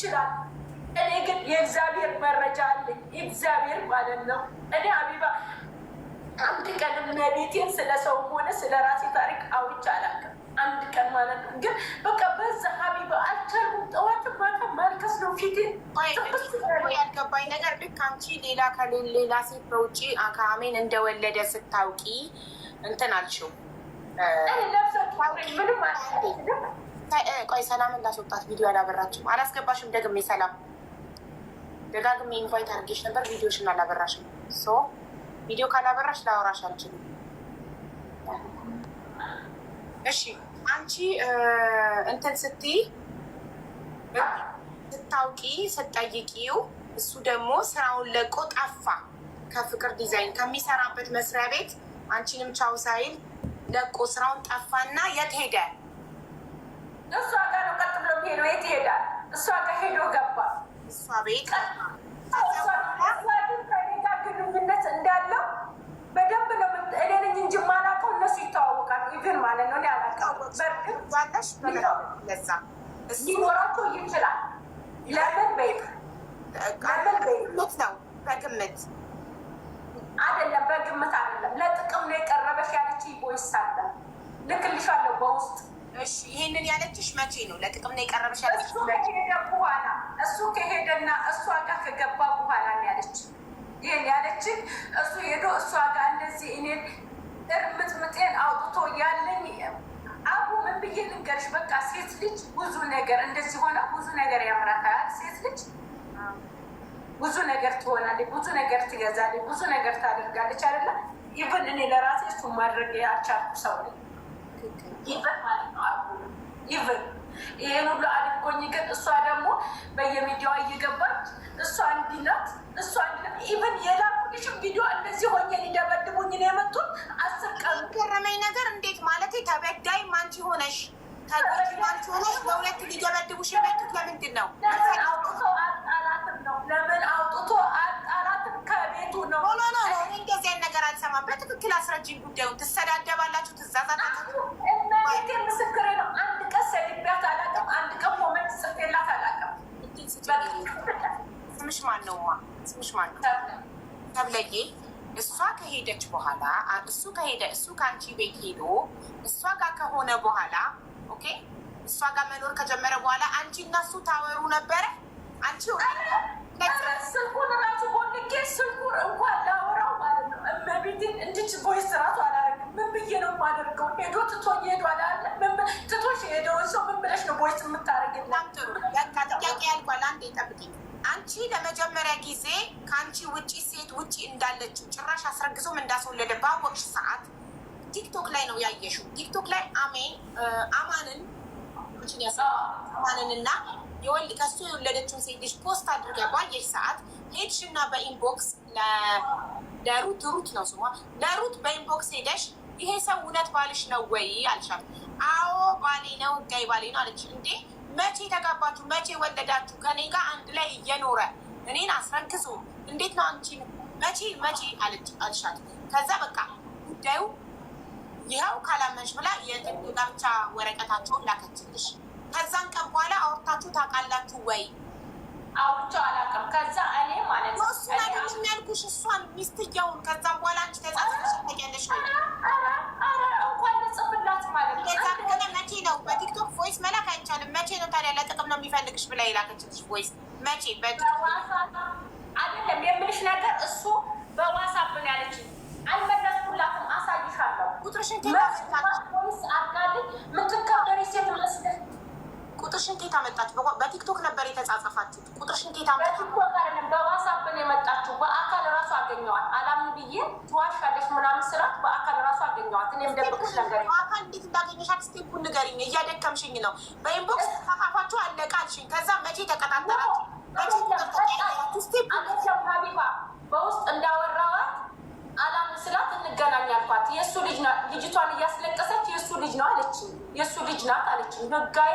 ይችላል። እኔ ግን የእግዚአብሔር መረጃ አለኝ። እግዚአብሔር ማለት ነው። እኔ አቢባ አንድ ቀን እመቤቴን ስለ ሰውም ሆነ ስለ ራሴ ታሪክ አውጭ አላውቅም። አንድ ቀን ማለት ነው። ግን በቃ በዛ ሀቢባ አልቻልኩም። ጠዋት ማታ ማልከስ ነው ፊቴ። ያልገባኝ ነገር ልክ አንቺ ሌላ ከሌላ ሴት በውጭ አካሜን እንደወለደ ስታውቂ እንትን አልሽው ምንም ስታይ ቆይ ሰላም እንዳስወጣት ቪዲዮ አላበራችም። አላስገባሽም ደግሜ ሰላም ደጋግሜ ኢንቫይት አድርጌሽ ነበር። ቪዲዮሽን አላበራሽም። ሶ ቪዲዮ ካላበራሽ ላወራሽ አልችልም። እሺ አንቺ እንትን ስትይ ስታውቂ ስትጠይቂው እሱ ደግሞ ስራውን ለቆ ጠፋ። ከፍቅር ዲዛይን ከሚሰራበት መስሪያ ቤት አንቺንም ቻው ሳይል ለቆ ስራውን ጠፋና የት ሄደ? እሷ ጋር ነው ቀጥ ብሎ ሄዶ የት ይሄዳል? እሷ ጋር ሄዶ ገባ። እሷ ቤት ግንኙነት እንዳለው በደንብ ነው። እኔ እንጂ የማላውቀው እነሱ ይተዋወቃሉ። ኢቭን ማለት ነው ሊኖራቸው ይችላል። ለምን ቤት ነው በግምት አይደለም፣ በግምት አይደለም። ለጥቅም ነው የቀረበሽ ያለች ቦይስ አለ ልክልሻለሁ በውስጥ እሺ ይሄንን ያለችሽ መቼ ነው? ለጥቅም ነው የቀረበሽ ያለችሽ? ከሄደ በኋላ እሱ ከሄደና እሷ ጋር ከገባ በኋላ ነው ያለች። ይሄን ያለችን እሱ ሄዶ እሷ ጋር እንደዚህ እኔ እርምጥምጤን አውጥቶ ያለኝ አቡ ምን ብዬ ልንገርሽ? በቃ ሴት ልጅ ብዙ ነገር እንደዚህ ሆነ ብዙ ነገር ያምራታል። ሴት ልጅ ብዙ ነገር ትሆናለች፣ ብዙ ነገር ትገዛለች፣ ብዙ ነገር ታደርጋለች አይደለ? ይብን እኔ ለራሴ እሱ ማድረግ ያልቻልኩ ሰው ነኝ። ይዘት ማለት ነው። አቡ ይዘት ይሄን ሁሉ አድርጎኝ ግን እሷ ደግሞ በየሚዲያዋ እየገባች እሷ እንዲላት እሷ እንዲላት ኢቨን የላኩልሽም ቪዲዮ እንደዚህ ሆኜ ሊደበድቡኝ ነው የመጡት። አስር ቀን ገረመኝ ነገር እንዴት ማለት ተበዳይ ማንቺ ሆነሽ ተበዳይ ማንቺ ሆነሽ በሁለት ሊደበድቡሽ የመጡት ለምንድን ነው? አውጥቶ አጣላትም ነው። ለምን አውጥቶ አጣላትም ከቤቱ ነው። ሆኖ ነው እንደዚህ ነገር አልሰማም። በትክክል አስረጅኝ ጉዳዩን። ትሰዳደባላችሁ፣ ትዛዛታ ስምሽ ማን ነው? ማ ስምሽ ማን ነው ተብለዬ እሷ ከሄደች በኋላ እሱ ከሄደ እሱ ከአንቺ ቤት ሄዶ እሷ ጋር ከሆነ በኋላ ኦኬ፣ እሷ ጋር መኖር ከጀመረ በኋላ አንቺ እና እሱ ታወሩ ነበረ። አንቺ ስልኩን ራሱ ቦንኬ ስልኩን እንኳን ላወራው ማለት ነው። እመቤቴን እንድች ቦይ ስራቱ አላረግም። ምን ብዬ ነው የማደርገው? ሄዶ ትቶ ሄዶ አላለ ትቶሽ ሄደውን ሰው ምን ብለሽ ነው ቦይስ የምታደርግልኝ? ጥያቄ ያልኳል። አንዴ ጠብቂኝ አንቺ ለመጀመሪያ ጊዜ ከአንቺ ውጪ ሴት ውጪ እንዳለችው ጭራሽ አስረግዞም እንዳስወለደ ባወቅሽ ሰዓት ቲክቶክ ላይ ነው ያየሽው። ቲክቶክ ላይ አሜ አማንን አማንን እና የወል ከሱ የወለደችውን ሴት ልጅ ፖስት አድርጋ ባየሽ ሰዓት ሄድሽ እና በኢንቦክስ ለሩት ሩት ነው ስሟ ለሩት በኢንቦክስ ሄደሽ ይሄ ሰው እውነት ባልሽ ነው ወይ አልሻት። አዎ ባሌ ነው፣ ጋይ ባሌ ነው አለች እንዴ መቼ ተጋባችሁ? መቼ ወለዳችሁ? ከኔ ጋር አንድ ላይ እየኖረ እኔን አስረንክሶ እንዴት ነው አንቺ መቼ መቼ አልሻት። ከዛ በቃ ጉዳዩ ይኸው ካላመንሽ ብላ ጋብቻ ወረቀታቸውን ላከችልሽ። ከዛን ቀን በኋላ አውርታችሁ ታውቃላችሁ ወይ? አውርቼው አላውቅም። ከዛ እኔ ማለት መቼ አይደለም የምልሽ ነገር እሱ በዋትስአፕ ነው ያለችኝ። አልመለስኩላትም። አሳይሻለሁ ቁጥርሽን ኬት አመጣች? በቲክቶክ ነበር ቁጥርሽን ኬት አመጣች? በቲክቶክ አይደለም ነው በአካል ራሱ አገኘዋት። አላምን ብዬ ትዋሻለሽ ምናምን ስራት በአካል ራሱ አገኘዋት። እኔም ደብቅሽ ነገር በአካል እንዴት ንገሪኝ። እያደከምሽኝ ነው። በኢንቦክስ ተፋፋችሁ አለቃልሽኝ። ከዛ መቼ ተቀጣጠራችሁ? በውስጥ እንዳወራዋት አላም ስላት እንገናኝ አልኳት። የእሱ ልጅ ናት ልጅቷን እያስለቀሰች የእሱ ልጅ ነው አለች። የእሱ ልጅ ናት አለችኝ። ህጋዊ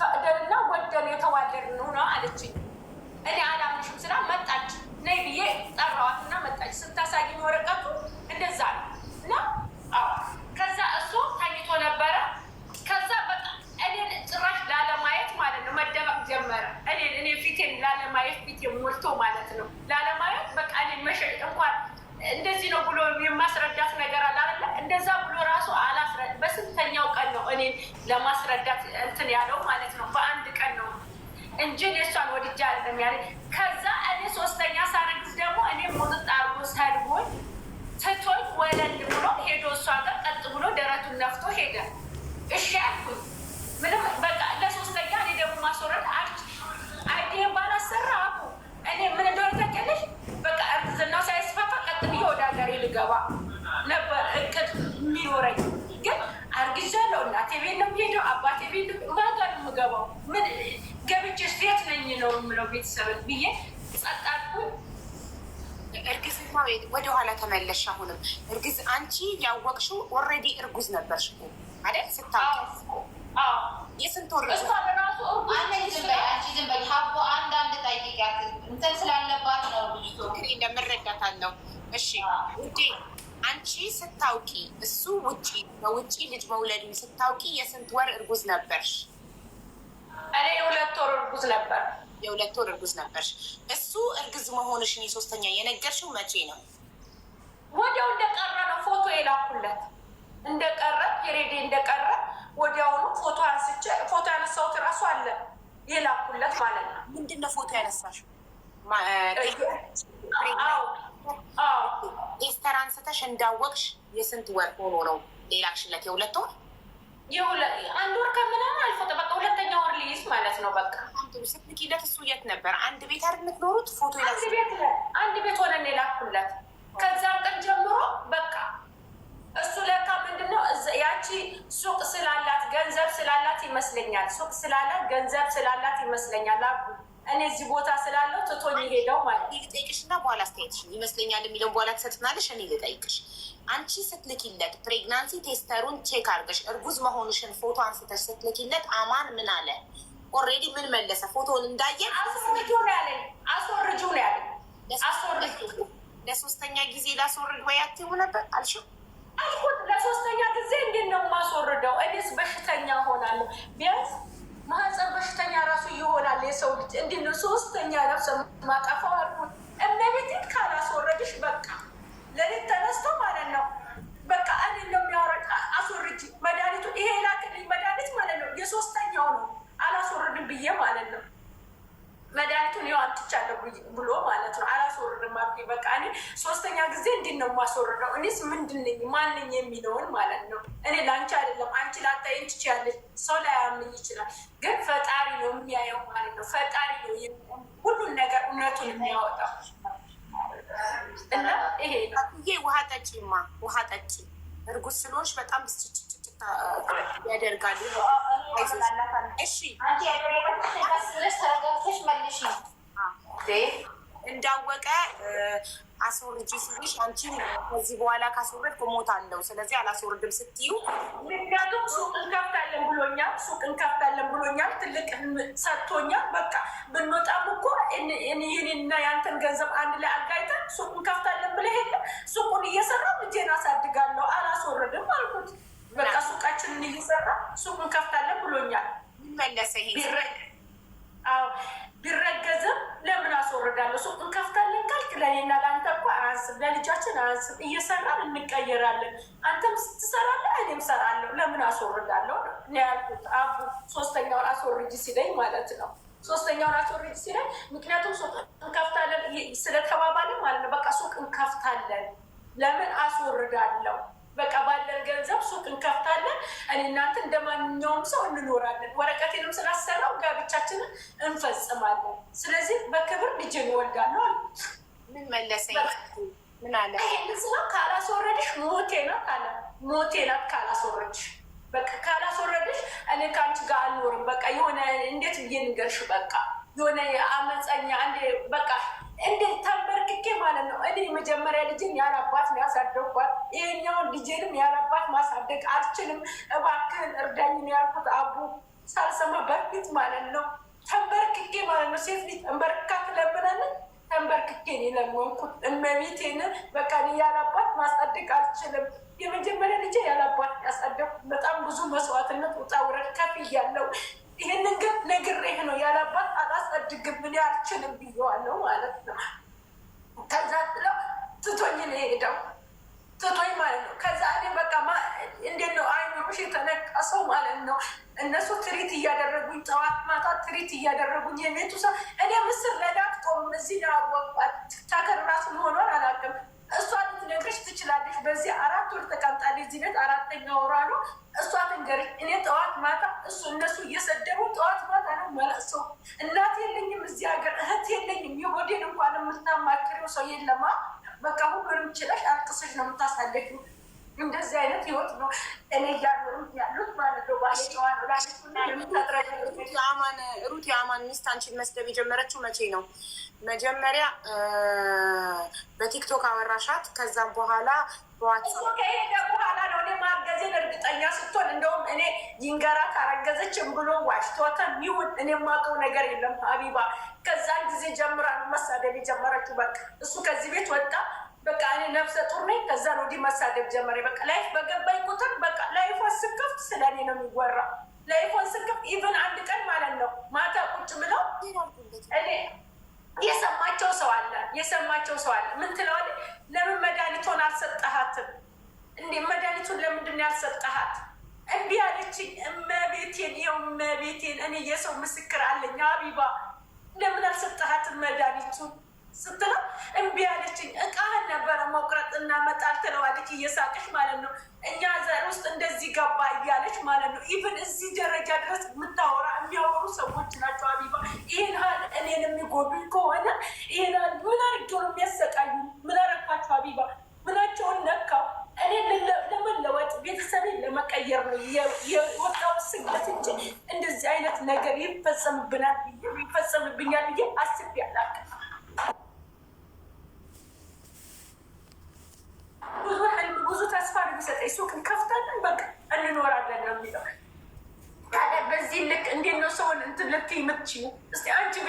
ፈቅደንና ወደን የተዋደድን ነው አለችኝ። እኔ አላምንሽም ስላ መጣች። ነይ ብዬ ጠራዋትና መጣች። ስታሳይኝ ወረቀቱ እንደዛ ነው የሚያደርግ ከዛ እኔ ሶስተኛ ሳረግዝ ደግሞ እኔ ሙጥጥ አርጎ ሰድቦኝ ትቶኝ ወለል ብሎ ሄዶ እሷ ጋር ቀጥ ብሎ ደረቱን ነፍቶ ሄደ። እሺ አልኩኝ። ምንም በቃ ለሶስተኛ እኔ ደግሞ ማስወረድ አልች አይዲን ባላሰራ አኩ እኔ ምን እንደሆነ ታውቂያለሽ። በቃ እርግዝናው ሳይስፋፋ ቀጥ ብዬ ወደ ሀገሬ ልገባ ነበር እቅድ የሚኖረኝ ግን አርግዣለሁ። እናቴ ቤት ነው የምሄደው፣ አባቴ ቤት ነው የምገባው። ምን ነው የምለው ቤተሰብን ብዬ ጸጣልኩኝ። እርግዝና ወደኋላ ተመለሽ። አሁንም እርግዝ አንቺ ያወቅሽው ኦልሬዲ እርጉዝ ነበርሽ አይደል? ስታ የስንት ወር እሺ ውዴ አንቺ ስታውቂ እሱ ውጪ በውጪ ልጅ መውለዱ ስታውቂ የስንት ወር እርጉዝ ነበርሽ? እኔ ሁለት ወር እርጉዝ ነበር። የሁለት ወር እርጉዝ ነበርሽ። እሱ እርግዝ መሆንሽን የሶስተኛ የነገርሽው መቼ ነው? ወዲያው እንደቀረ ነው ፎቶ የላኩለት እንደቀረ የሬዴ እንደቀረ ወዲያውኑ ፎቶ አንስቼ ፎቶ ያነሳሁት እራሱ አለ የላኩለት ማለት ነው። ምንድን ነው ፎቶ ያነሳሽው? ኤስተር አንስተሽ እንዳወቅሽ የስንት ወር ሆኖ ነው ሌላክሽለት? የሁለት ወር አንድ ወር ከምናምን አልፎ በቃ ሁለተኛ ወር ልይዝ ማለት ነው በቃ ስትልኪለት እሱ የት ነበር? አንድ ቤት አይደል የምትኖሩት? ፎቶ አንድ ቤት ሆነን የላኩለት። ከዛም ቀን ጀምሮ በቃ እሱ ለካ ምንድነው ያቺ ሱቅ ስላላት ገንዘብ ስላላት ይመስለኛል፣ ሱቅ ስላላት ገንዘብ ስላላት ይመስለኛል አሉ እኔ እዚህ ቦታ ስላለው ትቶኝ ሄደው ማለት ልጠይቅሽ እና በኋላ አስተያየትሽ ይመስለኛል የሚለውን በኋላ ትሰጥናለሽ። እኔ ልጠይቅሽ፣ አንቺ ስትልኪለት ፕሬግናንሲ ቴስተሩን ቼክ አድርገሽ እርጉዝ መሆንሽን ፎቶ አንስተሽ ስትልኪለት አማን ምን አለ? ኦሬዲ ምን መለሰ ፎቶውን እንዳየ አስወርጁ ነው ያለኝ። አስወርጁ ነው ያለኝ። አስወርጁ ለሶስተኛ ጊዜ ላስወርድ ወይ አትይው ነበር አልሽው አልኩት። ለሶስተኛ ጊዜ እንዴት ነው የማስወርደው? እኔስ በሽተኛ ሆናለሁ። ቢያንስ ማህፀን በሽተኛ ራሱ ይሆናል የሰው ልጅ። እንዴት ነው ሶስተኛ ነፍሰ ማጠፋው? አልኩት እመቤቴን ካላስወረድሽ በቃ ለሌት ተነስተው ሶስተኛ ጊዜ እንዴት ነው የማስወርደው? እኔስ ምንድን ማንኝ የሚለውን ማለት ነው። እኔ ለአንቺ አይደለም አንቺ ላታይን ትችያለሽ፣ ሰው ላያምኝ ይችላል፣ ግን ፈጣሪ ነው የሚያየው ማለት ነው። ፈጣሪ ነው ሁሉን ነገር እውነቱን የሚያወጣው እና ይሄ ውሃ ጠጪማ ውሃ ጠጪ እርጉዝ ስለሆንሽ በጣም ያደርጋሉ። እሺ እንዳወቀ አስወርጂ ሲልሽ አንቺ ከዚህ በኋላ ካስወረድኩ እሞታለሁ፣ ስለዚህ አላስወርድም ስትዩ፣ ምክንያቱም ሱቅ እንከፍታለን ብሎኛል፣ ሱቅ እንከፍታለን ብሎኛል፣ ትልቅ ሰጥቶኛል። በቃ ብንወጣም እኮ ይህንና ያንተን ገንዘብ አንድ ላይ አጋይተን ሱቅ እንከፍታለን ብለህ የለ ሱቁን እየሰራ ልጄን አሳድጋለሁ፣ አላስወረድም አልኩት። በቃ ሱቃችንን እየሰራ ሱቅ እንከፍታለን ብሎኛል። ይመለሰ ይሄ ቢረገዝም ለምን አስወርዳለሁ? ሱቅ እንከፍታለን ለእኔና ለአንተ እኮ አያስብ፣ ለልጃችን አያስብ። እየሰራን እንቀየራለን። አንተም ስትሰራለ እኔም ሰራለሁ። ለምን አስወርዳለሁ ነው ያልኩት። አቡ ሶስተኛውን አስወርጅ ሲለኝ ማለት ነው ሶስተኛውን አስወርጅ ሲለኝ፣ ምክንያቱም ሱቅ እንከፍታለን ስለተባባልን ማለት ነው። በቃ ሱቅ እንከፍታለን። ለምን አስወርዳለሁ? በቃ ባለን ገንዘብ ሱቅ እንከፍታለን። እኔ እናንተ እንደ ማንኛውም ሰው እንኖራለን። ወረቀቴንም ስላሰራው ጋብቻችንን እንፈጽማለን። ስለዚህ በክብር ልጅ እንወልዳለን። ምን መለሰኝ? ምን አለ? እዚህ ነው ካላስወረድሽ ሞቴ ነው ካለ ሞቴ ናት ካላስወረድሽ በቃ ካላስወረድሽ እኔ ከአንቺ ጋር አልኖርም። በቃ የሆነ እንዴት ብዬ ንገርሽ? በቃ የሆነ አመፀኛ አንዴ በቃ እንደ ተንበርክኬ ማለት ነው። እኔ መጀመሪያ ልጅን ያላባት ነው ያሳደግኳት። ይሄኛውን ልጅንም ያላባት ማሳደግ አልችልም። እባክህን እርዳኝ ያልኩት አቡ ሳልሰማ በፊት ማለት ነው። ተንበርክኬ ማለት ነው። ሴት ልጅ ተንበርክካ ትለምናለን ተንበርክኬ ነው የለመንኩት። እመቤቴን በቃ ያላባት ማሳደግ አልችልም። የመጀመሪያ ልጄ ያላባት ያሳደኩ በጣም ብዙ መስዋዕትነት ውጣ ውረድ ከፍ እያለው ይህንን ግን ነግሬህ ነው ያላባት አላሳድግም እኔ አልችልም ብየዋለው ማለት ነው። ከዛ ስለው ትቶኝ ነው የሄደው። ትቶኝ ማለት ነው። ከዛ እኔ በቃ እንዴት ነው አይምሮሽ የተነቃ ሰው ማለት ነው። እነሱ ትሪት እያደረጉኝ ጠዋት ማታ ትሪት እያደረጉኝ የቤቱ ሰው እኔ ምስር ለዳቅጦ እዚህ ያወቅባት ቲክቶከር መሆኗን አላውቅም። እሷ ልትነግርሽ ትችላለች። በዚህ አራት ወር ተቀምጣለች። እዚህ ቤት አራተኛ ወሯ ነው። እሷ ትንገርሽ። እኔ ጠዋት ማታ እሱ እነሱ እየሰደቡ ጠዋት ማታ ነው መለሶ። እናት የለኝም እዚህ ሀገር፣ እህት የለኝም። የሆዴን እንኳን የምታማክሪው ሰው የለማ በቃ ሁሉንም ችለሽ አልቅሰሽ ነው እንደዚህ አይነት ህይወት ነው እኔ እያኖሩ ያሉት ማለት ነው። ባለጨዋ ነው ላሽናማን ሩት የአማን ሚስት አንቺን መስደብ የጀመረችው መቼ ነው? መጀመሪያ በቲክቶክ አወራሻት፣ ከዛም በኋላ ከሄደ በኋላ ነው እኔ ማርገዜን እርግጠኛ ስትሆን፣ እንደውም እኔ ይንገራት አረገዘችም ብሎ ዋሽቷት ይሁን እኔ የማውቀው ነገር የለም ሀቢባ። ከዛን ጊዜ ጀምራ መሳደብ የጀመረችው። በቃ እሱ ከዚህ ቤት ወጣ በቃ እኔ ነፍሰ ጡር ነኝ። ከዛ ነው ወዲህ መሳደብ ጀመረ። በቃ ላይፍ በገባኝ ቁጥር በቃ ላይፏን ስከፍት ስለ እኔ ነው የሚወራ። ላይፏን ስከፍት ኢቨን አንድ ቀን ማለት ነው ማታ ቁጭ ብለው እኔ የሰማቸው ሰው አለ የሰማቸው ሰው አለ። ምን ትለዋል? ለምን መድኃኒቱን አልሰጠሃትም? እንዴ መድኃኒቱን ለምንድን ያልሰጠሃት? እንዲህ አለችኝ። እመቤቴን ይኸው እመቤቴን፣ እኔ የሰው ምስክር አለኝ። አቢባ ለምን አልሰጠሃትም መድኃኒቱን ስትለው እምቢ አለችኝ። እቃህን ነበረ መቁረጥ መጣል ትለዋለች፣ እየሳቀች ማለት ነው። እኛ ዘር ውስጥ እንደዚህ ገባ እያለች ማለት ነው። ኢቨን እዚህ ደረጃ ድረስ የምታወራ የሚያወሩ ሰዎች ናቸው። አቢባ ይህን ሀል እኔን የሚጎዱ ከሆነ ይህን ሀል ምን አድርጌው ነው የሚያሰቃዩ? ምን አረካቸው? አቢባ ምናቸውን ነካው? እኔ ለመለወጥ ቤተሰቤን ለመቀየር ነው የወጣው ስግለት እንጂ እንደዚህ አይነት ነገር ይፈጸምብናል ይፈጸምብኛል ብዬ አስቤ አላውቅም። አትሰጠኝ። ሱቅ እንከፍታለን በቃ እንኖራለን ነው የሚለው። በዚህ ልክ እንዴት ነው ሰውን እንትን ልክ ይምትችው? እስቲ አንቺ